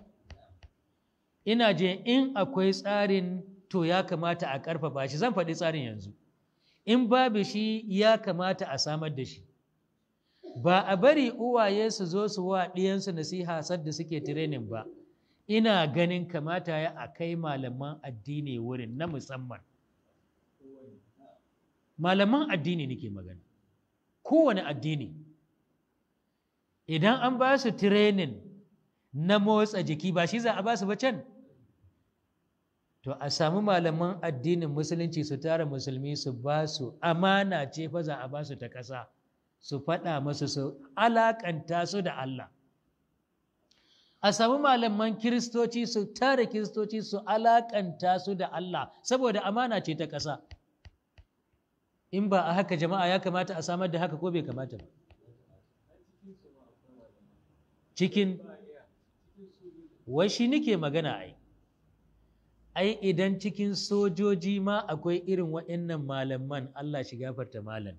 ina je in akwai tsarin to ya kamata a ƙarfafa shi zan faɗi tsarin yanzu in babu shi ya kamata a samar da shi ba a bari uwaye su zo su wa ɗiyansu nasiha sadda suke tirenin ba ina ganin kamata ya a kai malaman addini wurin na musamman malaman addini nake magana kowane addini idan an ba su training na motsa jiki ba shi za a ba su ba can to a samu malaman addinin musulunci su tara musulmi su ba su amana ce fa za a ba su ta ƙasa su faɗa masu su alaƙanta su da Allah a samu malaman kiristoci su tare kiristoci su alakanta su da Allah saboda amana ce ta ƙasa in ba a haka jama'a ya kamata a samar da haka ko bai kamata ba cikin washi nike magana ai ai idan cikin sojoji ma akwai irin waɗannan malaman Allah shi gafarta malam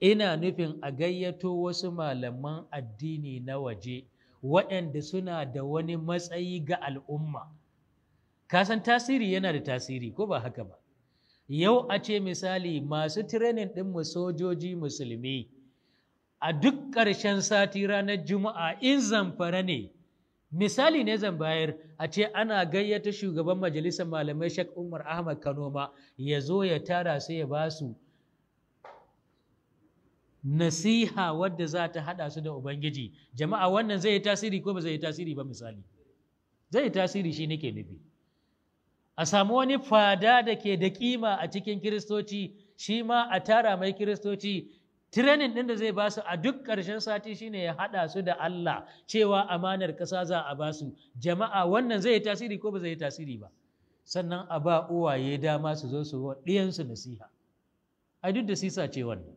ina nufin a gayyato wasu malaman addini na waje waɗanda suna da wani matsayi ga al'umma kasan tasiri yana da tasiri ko ba haka ba yau a ce misali masu tirenin mu sojoji musulmi a duk ƙarshen sati ranar juma'a in zamfara ne misali ne zan bayar a ce ana gayyata shugaban majalisar malamai shek umar ahmad kanoma ya zo ya tara su ya ba su nasiha wadda za ta haɗa su da Ubangiji jama'a wannan zai yi tasiri ko ba zai yi tasiri ba misali zai yi tasiri shi nake nufi a samu wani fada da ke da kima a cikin kiristoci shi ma a tara mai kiristoci tirenin ɗin da zai ba su a duk ƙarshen sati shine ya haɗa su da Allah cewa amanar ƙasa za a ba su jama'a wannan zai yi tasiri ko ba zai yi tasiri ba sannan a ba uwaye dama su zo su ɗiyansu nasiha ai duk da sisa ce wannan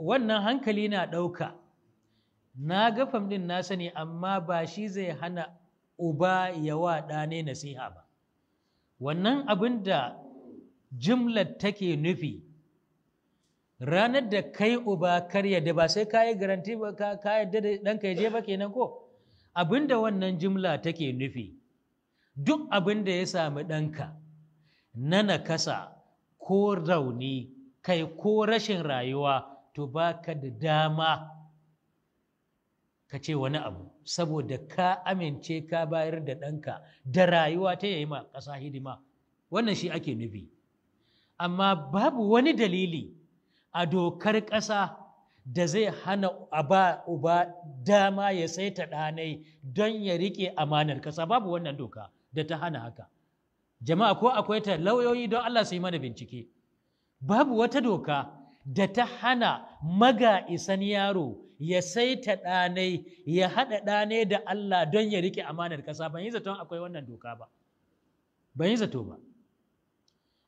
wannan hankali na ɗauka na ga fam ɗin na sani amma ba shi zai hana uba yawa ɗane nasiha ba wannan abin da jimlar take nufi ranar da kai uba kar da ba sai kayi garanti ba ka yadda da ɗanka ya je ba kenan ko abin da wannan jimla take nufi duk abin da ya sami ɗanka na nakasa ko rauni kai ko rashin rayuwa to baka da dama ka ce wani abu saboda ka amince ka bayar da ɗanka da rayuwa ta yayi ma ƙasa hidima wannan shi ake nufi amma babu wani dalili a dokar ƙasa da zai hana aba uba dama ya sai ta ɗanai don ya riƙe amanar ƙasa babu wannan doka da ta hana haka jama'a ko akwai ta lauyoyi don Allah su yi mana bincike babu wata doka da ta hana maga isan yaro ya saita ɗanai ya haɗa ɗanai da Allah don ya rike amanar ƙasa ban yi zaton akwai wannan doka ba ban yi zato ba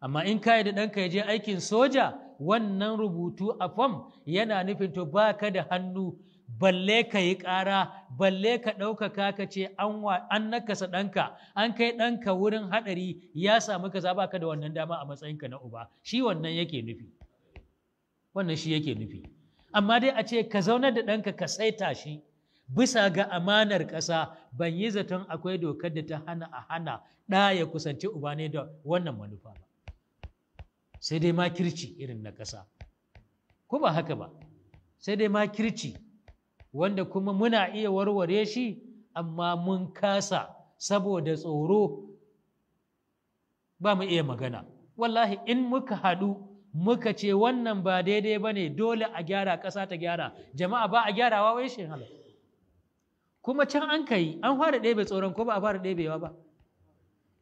amma in ka da ɗanka ya je aikin soja wannan rubutu a fam yana nufin to ba ka da hannu balle ka yi ƙara balle ka ɗaukaka ka ce an nakasa ɗanka an kai ɗanka wurin haɗari ya samu kaza ba ka da wannan dama a matsayinka na uba shi wannan yake nufi wannan shi yake nufi amma dai a ce ka zaunar da ɗanka ka saita shi bisa ga amanar ƙasa ban yi zaton akwai dokar da ta hana a hana ɗa ya kusanci uba ne da wannan manufa ba sai dai makirci irin na ƙasa ko ba haka ba sai dai makirci wanda kuma muna iya warware shi amma mun kasa saboda tsoro ba mu iya magana wallahi in muka haɗu muka ce wannan ba daidai ba ne dole a gyara ƙasa ta gyara jama'a ba a gyarawa wai shi hala. kuma can an kai an fara ɗebe tsoron ko ba a fara ɗebewa ba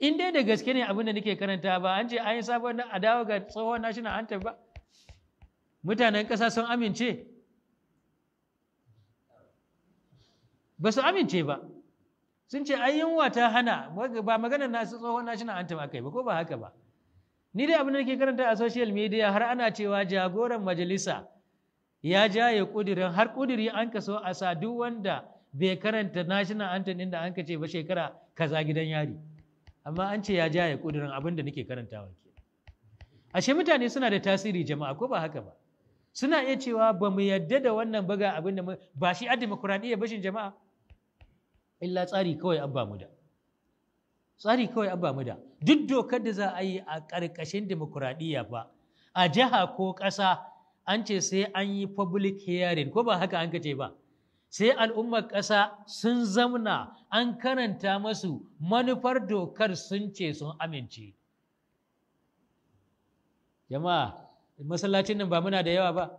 in dai da gaske ne abin da nake karanta ba an ce an yi sabon a dawo ga tsohon national anthem ba mutanen ƙasa sun amince ba su amince ba sun ce ai yunwa ta hana ba maganar nasu tsohon national anthem ba kai ba ko ba haka ba ni dai abin da nake karanta a social media har ana cewa jagoran majalisa ya jaye kudirin har kudiri an kaso a sa duk wanda bai karanta national anthem din da an ce ba shekara kaza gidan yari amma an ce ya jaye kudirin abin da nake karantawa ke ashe mutane suna da tasiri jama'a ko ba haka ba suna iya cewa ba mu yadda da wannan baga abin da ba shi a demokuraɗiyya bashin jama'a illa tsari kawai an ba mu da tsari kawai an ba mu da duk dokar da za a yi a ƙarƙashin demokuraɗiyya ba a jiha ko ƙasa an ce sai an yi public hearing ko ba haka an ce ba sai al'ummar ƙasa sun zamna an karanta masu manufar dokar sun ce sun amince jama'a masallacin nan ba muna da yawa ba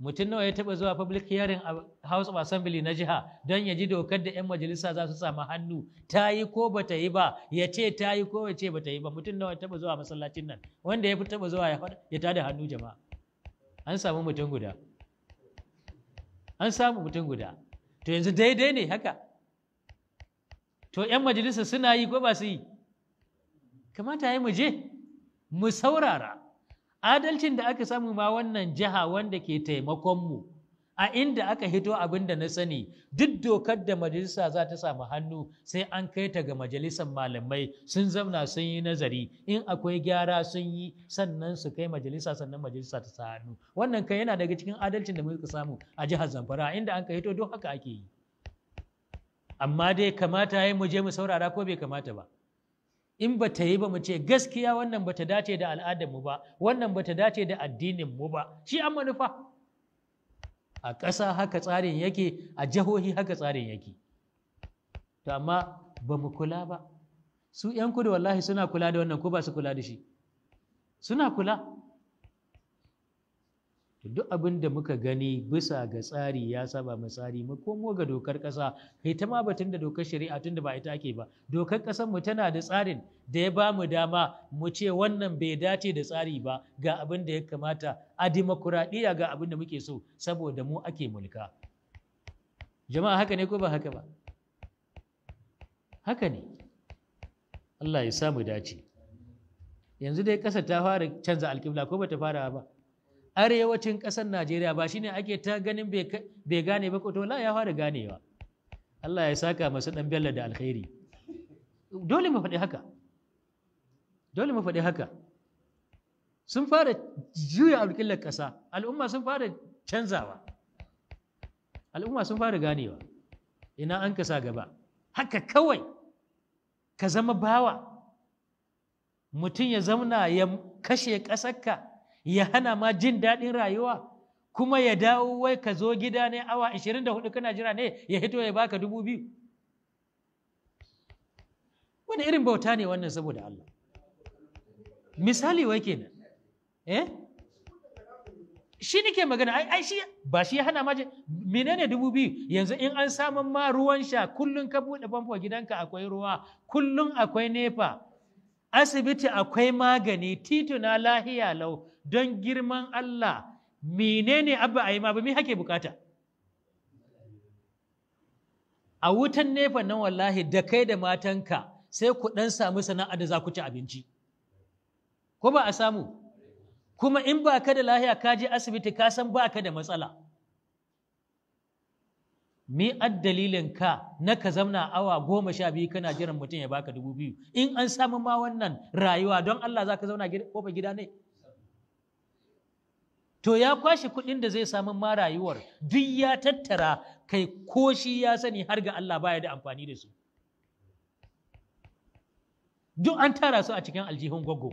mutum nawa ya taɓa zuwa public hearing a house of assembly na jiha don ya ji dokar da 'yan majalisa za su samu hannu ta yi ko ba ta yi ba ya ce ta yi ko ya ce ba ta yi ba mutum nawa ya taɓa zuwa masallacin nan wanda ya fi taɓa zuwa ya tada hannu jama'a an samu mutum guda an samu mutum guda to yanzu daidai ne haka to 'yan majalisa suna yi ko ba su yi kamata ya mu je mu saurara adalcin da aka samu ma wannan jiha wanda ke taimakonmu a inda aka hito abin da na sani duk dokar da majalisa za ta samu hannu sai an kai ta ga majalisar malamai sun zauna sun yi nazari in akwai gyara sun yi sannan su kai majalisa sannan majalisa ta sa hannu wannan kai yana daga cikin adalcin da muka samu a jihar zamfara inda an ka hito don haka ake yi amma dai kamata ya mu je mu saurara ko bai kamata ba in ba ta yi ba mu ce gaskiya wannan ba ta dace da al'adarmu ba wannan ba ta dace da addininmu ba shi an manufa a ƙasa haka tsarin yake a jihohi haka tsarin yake to amma ba mu kula ba su 'yan kudu wallahi suna kula da wannan ko ba su kula da shi suna kula duk abin da muka gani bisa ga tsari ya saba mu tsari mu komo ga dokar ƙasa kai ta ma batun da dokar shari'a tunda ba ita ake ba dokar ƙasar mu tana da tsarin da ya ba mu dama mu ce wannan bai dace da tsari ba ga abin da ya kamata a dimokuraɗiyya ga abin da muke so saboda mu ake mulka jama'a haka ne ko ba haka ba haka ne Allah ya samu dace yanzu dai ƙasa ta fara canza alƙibla ko bata fara ba arewacin ƙasar Najeriya ba shine ake ta ganin bai gane ba ko to la ya fara ganewa Allah ya saka masu dan bello da alkhairi dole mu faɗi haka dole mu faɗi haka sun fara juya alƙillar ƙasa al'umma sun fara canzawa al'umma sun fara ganewa ina an kasa gaba haka kawai ka zama bawa mutum ya zauna ya kashe ƙasarka ya hana ma jin daɗin rayuwa kuma ya dawo wai ka zo gida ne awa 24 kana jira ne ya hito ya baka dubu biyu wani irin bauta ne wannan saboda Allah misali wai kenan eh shi nake magana ai ai shi ba shi ya hana ma menene dubu biyu yanzu in an samun ma ruwan sha kullun ka buɗe famfo gidanka akwai ruwa kullun akwai nefa asibiti akwai magani tituna lahiya lau don girman Allah menene abba a yi ma ba me hake bukata a wutan nefa na wallahi da kai da matanka sai ku ɗan samu sana'a da za ku ci abinci ko ba a samu kuma in ba ka da lahiya ka je asibiti ka san ba ka da matsala me dalilin ka na ka zamna awa goma sha biyu kana jiran mutum ya baka dubu biyu in an samu ma wannan rayuwa don Allah za ka zauna kofa gida ne to ya kwashe kuɗin da zai samu ma rayuwar duk ya tattara kai ko shi ya sani har ga Allah baya da amfani da su duk an tara su a cikin aljihun gwaggo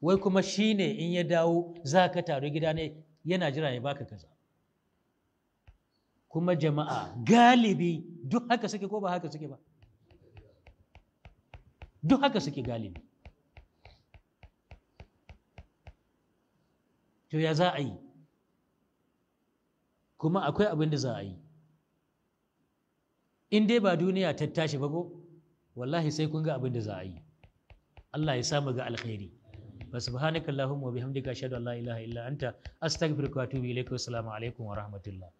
wai kuma shi ne in ya dawo za ka taru gida ne yana jira ya baka kaza kuma jama'a galibi duk haka suke ko ba haka suke ba duk haka suke galibi to ya za a yi kuma akwai abin da za a yi in dai ba duniya ta tashi ba ko wallahi sai kun ga abin da za a yi Allah ya samu ga alkhairi wa subhanakallahumma wa bihamdika ashhadu an la ilaha illa anta astaghfiruka wa atubu ilaik wa assalamu alaikum wa rahmatullah